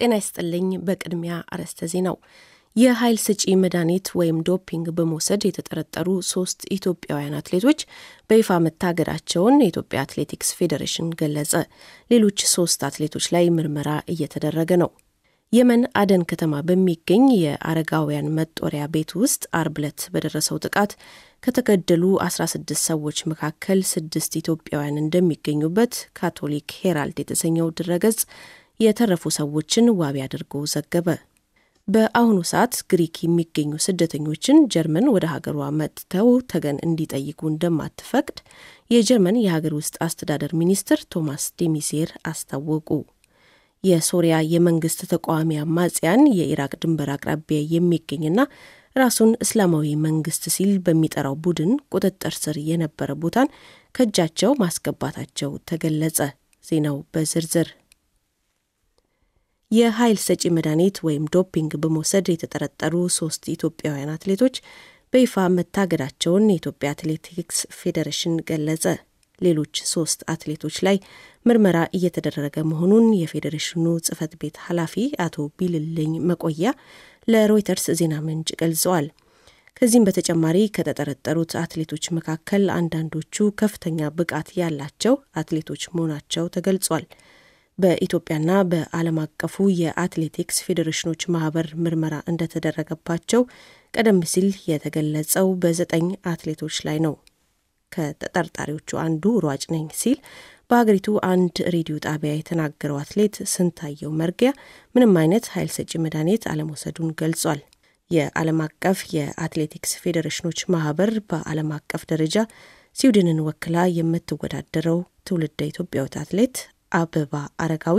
ጤና ይስጥልኝ። በቅድሚያ አርዕስተ ዜናው የኃይል ሰጪ መድኃኒት ወይም ዶፒንግ በመውሰድ የተጠረጠሩ ሶስት ኢትዮጵያውያን አትሌቶች በይፋ መታገዳቸውን የኢትዮጵያ አትሌቲክስ ፌዴሬሽን ገለጸ። ሌሎች ሶስት አትሌቶች ላይ ምርመራ እየተደረገ ነው። የመን አደን ከተማ በሚገኝ የአረጋውያን መጦሪያ ቤት ውስጥ አርብ ዕለት በደረሰው ጥቃት ከተገደሉ 16 ሰዎች መካከል ስድስት ኢትዮጵያውያን እንደሚገኙበት ካቶሊክ ሄራልድ የተሰኘው ድረገጽ የተረፉ ሰዎችን ዋቢ አድርጎ ዘገበ። በአሁኑ ሰዓት ግሪክ የሚገኙ ስደተኞችን ጀርመን ወደ ሀገሯ መጥተው ተገን እንዲጠይቁ እንደማትፈቅድ የጀርመን የሀገር ውስጥ አስተዳደር ሚኒስትር ቶማስ ዴሚሴር አስታወቁ። የሶሪያ የመንግስት ተቃዋሚ አማጽያን የኢራቅ ድንበር አቅራቢያ የሚገኝና ራሱን እስላማዊ መንግስት ሲል በሚጠራው ቡድን ቁጥጥር ስር የነበረ ቦታን ከእጃቸው ማስገባታቸው ተገለጸ። ዜናው በዝርዝር የኃይል ሰጪ መድኃኒት ወይም ዶፒንግ በመውሰድ የተጠረጠሩ ሶስት ኢትዮጵያውያን አትሌቶች በይፋ መታገዳቸውን የኢትዮጵያ አትሌቲክስ ፌዴሬሽን ገለጸ። ሌሎች ሶስት አትሌቶች ላይ ምርመራ እየተደረገ መሆኑን የፌዴሬሽኑ ጽህፈት ቤት ኃላፊ አቶ ቢልልኝ መቆያ ለሮይተርስ ዜና ምንጭ ገልጸዋል። ከዚህም በተጨማሪ ከተጠረጠሩት አትሌቶች መካከል አንዳንዶቹ ከፍተኛ ብቃት ያላቸው አትሌቶች መሆናቸው ተገልጿል። በኢትዮጵያና በዓለም አቀፉ የአትሌቲክስ ፌዴሬሽኖች ማህበር ምርመራ እንደተደረገባቸው ቀደም ሲል የተገለጸው በዘጠኝ አትሌቶች ላይ ነው። ከተጠርጣሪዎቹ አንዱ ሯጭ ነኝ ሲል በሀገሪቱ አንድ ሬዲዮ ጣቢያ የተናገረው አትሌት ስንታየው መርጊያ ምንም አይነት ኃይል ሰጪ መድኃኒት አለመውሰዱን ገልጿል። የዓለም አቀፍ የአትሌቲክስ ፌዴሬሽኖች ማህበር በዓለም አቀፍ ደረጃ ስዊድንን ወክላ የምትወዳደረው ትውልደ ኢትዮጵያዊት አትሌት አበባ አረጋዊ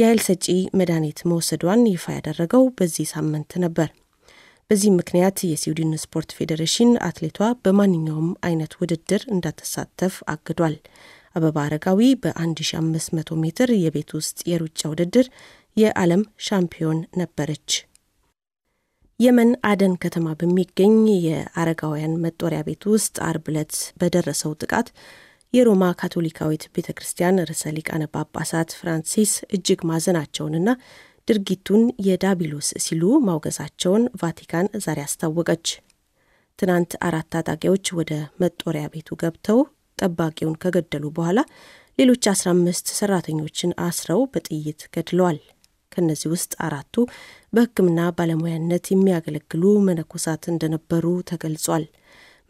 የኃይል ሰጪ መድኃኒት መውሰዷን ይፋ ያደረገው በዚህ ሳምንት ነበር። በዚህ ምክንያት የስዊድን ስፖርት ፌዴሬሽን አትሌቷ በማንኛውም አይነት ውድድር እንዳትሳተፍ አግዷል። አበባ አረጋዊ በ1500 ሜትር የቤት ውስጥ የሩጫ ውድድር የዓለም ሻምፒዮን ነበረች። የመን አደን ከተማ በሚገኝ የአረጋውያን መጦሪያ ቤት ውስጥ አርብ ዕለት በደረሰው ጥቃት የሮማ ካቶሊካዊት ቤተ ክርስቲያን ርዕሰ ሊቃነ ጳጳሳት ፍራንሲስ እጅግ ማዘናቸውንና ድርጊቱን የዳቢሎስ ሲሉ ማውገዛቸውን ቫቲካን ዛሬ አስታወቀች። ትናንት አራት ታጣቂዎች ወደ መጦሪያ ቤቱ ገብተው ጠባቂውን ከገደሉ በኋላ ሌሎች 15 ሰራተኞችን አስረው በጥይት ገድለዋል። ከእነዚህ ውስጥ አራቱ በሕክምና ባለሙያነት የሚያገለግሉ መነኮሳት እንደነበሩ ተገልጿል።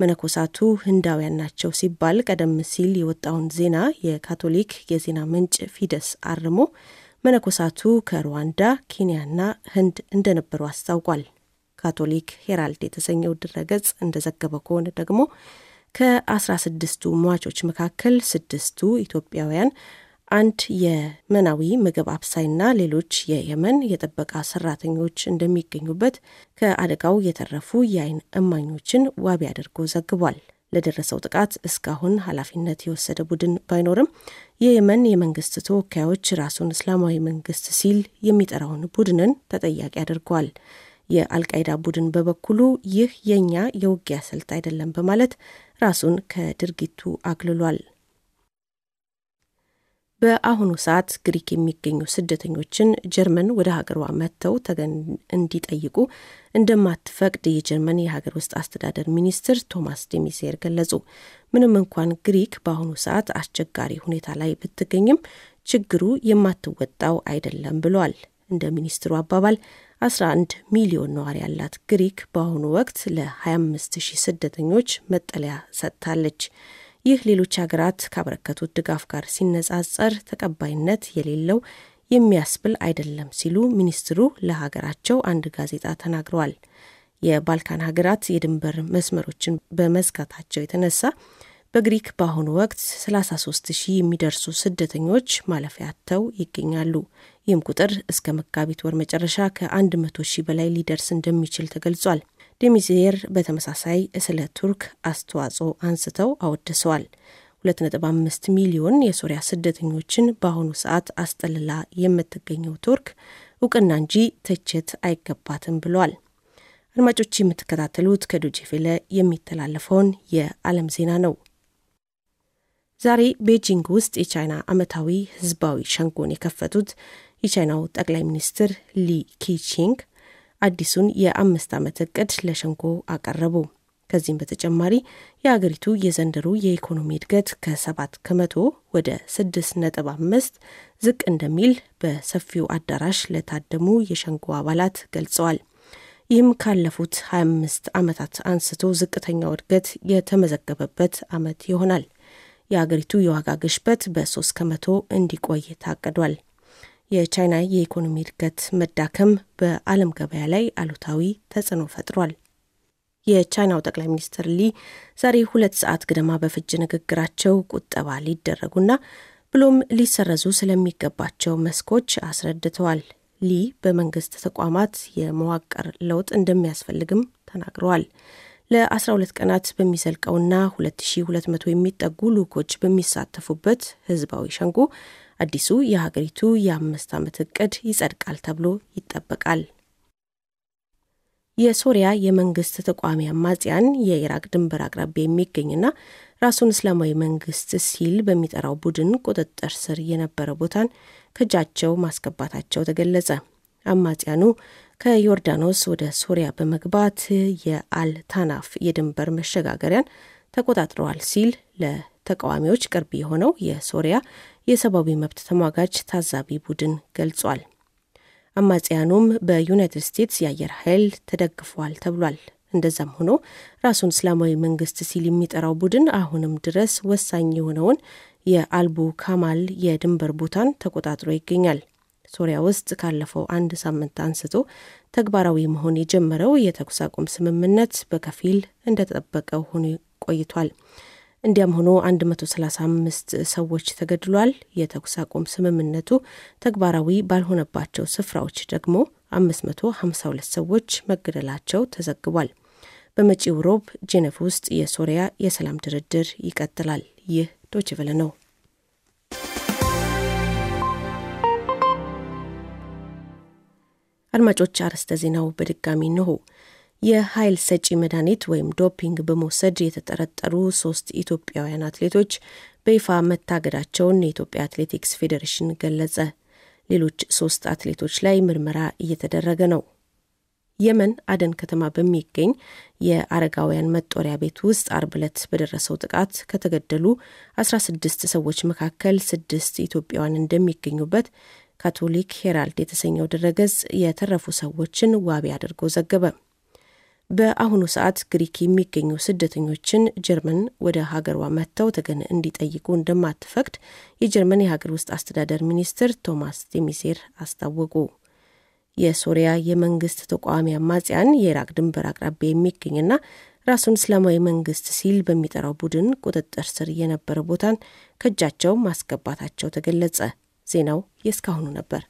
መነኮሳቱ ህንዳውያን ናቸው ሲባል ቀደም ሲል የወጣውን ዜና የካቶሊክ የዜና ምንጭ ፊደስ አርሞ መነኮሳቱ ከሩዋንዳ፣ ኬንያና ህንድ እንደነበሩ አስታውቋል። ካቶሊክ ሄራልድ የተሰኘው ድረገጽ እንደዘገበው ከሆነ ደግሞ ከ16ቱ ሟቾች መካከል ስድስቱ ኢትዮጵያውያን አንድ የመናዊ ምግብ አብሳይና ሌሎች የየመን የጥበቃ ሰራተኞች እንደሚገኙበት ከአደጋው የተረፉ የአይን እማኞችን ዋቢ አድርጎ ዘግቧል። ለደረሰው ጥቃት እስካሁን ኃላፊነት የወሰደ ቡድን ባይኖርም የየመን የመንግስት ተወካዮች ራሱን እስላማዊ መንግስት ሲል የሚጠራውን ቡድንን ተጠያቂ አድርጓል። የአልቃይዳ ቡድን በበኩሉ ይህ የእኛ የውጊያ ስልት አይደለም በማለት ራሱን ከድርጊቱ አግልሏል። በአሁኑ ሰዓት ግሪክ የሚገኙ ስደተኞችን ጀርመን ወደ ሀገሯ መጥተው ተገን እንዲጠይቁ እንደማትፈቅድ የጀርመን የሀገር ውስጥ አስተዳደር ሚኒስትር ቶማስ ዴሚሴር ገለጹ። ምንም እንኳን ግሪክ በአሁኑ ሰዓት አስቸጋሪ ሁኔታ ላይ ብትገኝም ችግሩ የማትወጣው አይደለም ብሏል። እንደ ሚኒስትሩ አባባል 11 ሚሊዮን ነዋሪ ያላት ግሪክ በአሁኑ ወቅት ለ25 ሺህ ስደተኞች መጠለያ ሰጥታለች። ይህ ሌሎች ሀገራት ካበረከቱት ድጋፍ ጋር ሲነጻጸር ተቀባይነት የሌለው የሚያስብል አይደለም ሲሉ ሚኒስትሩ ለሀገራቸው አንድ ጋዜጣ ተናግረዋል። የባልካን ሀገራት የድንበር መስመሮችን በመዝጋታቸው የተነሳ በግሪክ በአሁኑ ወቅት 33 ሺህ የሚደርሱ ስደተኞች ማለፊያ አጥተው ይገኛሉ። ይህም ቁጥር እስከ መጋቢት ወር መጨረሻ ከ100 ሺህ በላይ ሊደርስ እንደሚችል ተገልጿል። ዴሚዜር በተመሳሳይ ስለ ቱርክ አስተዋጽኦ አንስተው አወድሰዋል። 2.5 ሚሊዮን የሶሪያ ስደተኞችን በአሁኑ ሰዓት አስጠልላ የምትገኘው ቱርክ እውቅና እንጂ ትችት አይገባትም ብሏል። አድማጮች የምትከታተሉት ከዶጄፌለ የሚተላለፈውን የዓለም ዜና ነው። ዛሬ ቤጂንግ ውስጥ የቻይና ዓመታዊ ህዝባዊ ሸንጎን የከፈቱት የቻይናው ጠቅላይ ሚኒስትር ሊ ኪቺንግ አዲሱን የአምስት ዓመት እቅድ ለሸንጎ አቀረቡ። ከዚህም በተጨማሪ የአገሪቱ የዘንድሮ የኢኮኖሚ እድገት ከሰባት ከመቶ ወደ ስድስት ነጥብ አምስት ዝቅ እንደሚል በሰፊው አዳራሽ ለታደሙ የሸንጎ አባላት ገልጸዋል። ይህም ካለፉት 25 ዓመታት አንስቶ ዝቅተኛው እድገት የተመዘገበበት ዓመት ይሆናል። የአገሪቱ የዋጋ ግሽበት በሶስት ከመቶ እንዲቆይ ታቅዷል። የቻይና የኢኮኖሚ እድገት መዳከም በዓለም ገበያ ላይ አሉታዊ ተጽዕኖ ፈጥሯል። የቻይናው ጠቅላይ ሚኒስትር ሊ ዛሬ ሁለት ሰዓት ግድማ በፍጅ ንግግራቸው ቁጠባ ሊደረጉና ብሎም ሊሰረዙ ስለሚገባቸው መስኮች አስረድተዋል። ሊ በመንግስት ተቋማት የመዋቅር ለውጥ እንደሚያስፈልግም ተናግረዋል። ለ12 ቀናት በሚዘልቀውና 2200 የሚጠጉ ልኮች በሚሳተፉበት ህዝባዊ ሸንጎ አዲሱ የሀገሪቱ የአምስት ዓመት እቅድ ይጸድቃል ተብሎ ይጠበቃል። የሶሪያ የመንግስት ተቋሚ አማጽያን የኢራቅ ድንበር አቅራቢያ የሚገኝና ራሱን እስላማዊ መንግስት ሲል በሚጠራው ቡድን ቁጥጥር ስር የነበረ ቦታን ከእጃቸው ማስገባታቸው ተገለጸ። አማጽያኑ ከዮርዳኖስ ወደ ሶሪያ በመግባት የአልታናፍ የድንበር መሸጋገሪያን ተቆጣጥረዋል ሲል ለተቃዋሚዎች ቅርብ የሆነው የሶሪያ የሰብአዊ መብት ተሟጋች ታዛቢ ቡድን ገልጿል። አማጽያኑም በዩናይትድ ስቴትስ የአየር ኃይል ተደግፏል ተብሏል። እንደዛም ሆኖ ራሱን እስላማዊ መንግስት ሲል የሚጠራው ቡድን አሁንም ድረስ ወሳኝ የሆነውን የአልቡ ካማል የድንበር ቦታን ተቆጣጥሮ ይገኛል። ሶሪያ ውስጥ ካለፈው አንድ ሳምንት አንስቶ ተግባራዊ መሆን የጀመረው የተኩስ አቁም ስምምነት በከፊል እንደተጠበቀ ሆኖ ቆይቷል። እንዲያም ሆኖ 135 ሰዎች ተገድሏል። የተኩስ አቁም ስምምነቱ ተግባራዊ ባልሆነባቸው ስፍራዎች ደግሞ 552 ሰዎች መገደላቸው ተዘግቧል። በመጪው ሮብ ጄኔቭ ውስጥ የሶሪያ የሰላም ድርድር ይቀጥላል። ይህ ዶችቨለ ነው። አድማጮች አርዕስተ ዜናው በድጋሚ ንሆ የኃይል ሰጪ መድኃኒት ወይም ዶፒንግ በመውሰድ የተጠረጠሩ ሶስት ኢትዮጵያውያን አትሌቶች በይፋ መታገዳቸውን የኢትዮጵያ አትሌቲክስ ፌዴሬሽን ገለጸ። ሌሎች ሶስት አትሌቶች ላይ ምርመራ እየተደረገ ነው። የመን አደን ከተማ በሚገኝ የአረጋውያን መጦሪያ ቤት ውስጥ አርብ ለት በደረሰው ጥቃት ከተገደሉ 16 ሰዎች መካከል ስድስት ኢትዮጵያውያን እንደሚገኙበት ካቶሊክ ሄራልድ የተሰኘው ድረገጽ የተረፉ ሰዎችን ዋቢ አድርጎ ዘገበ። በአሁኑ ሰዓት ግሪክ የሚገኙ ስደተኞችን ጀርመን ወደ ሀገሯ መጥተው ተገን እንዲጠይቁ እንደማትፈቅድ የጀርመን የሀገር ውስጥ አስተዳደር ሚኒስትር ቶማስ ዴሚሴር አስታወቁ። የሶሪያ የመንግስት ተቃዋሚ አማጽያን የኢራቅ ድንበር አቅራቢያ የሚገኝና ራሱን እስላማዊ መንግስት ሲል በሚጠራው ቡድን ቁጥጥር ስር የነበረ ቦታን ከእጃቸው ማስገባታቸው ተገለጸ። ዜናው የእስካሁኑ ነበር።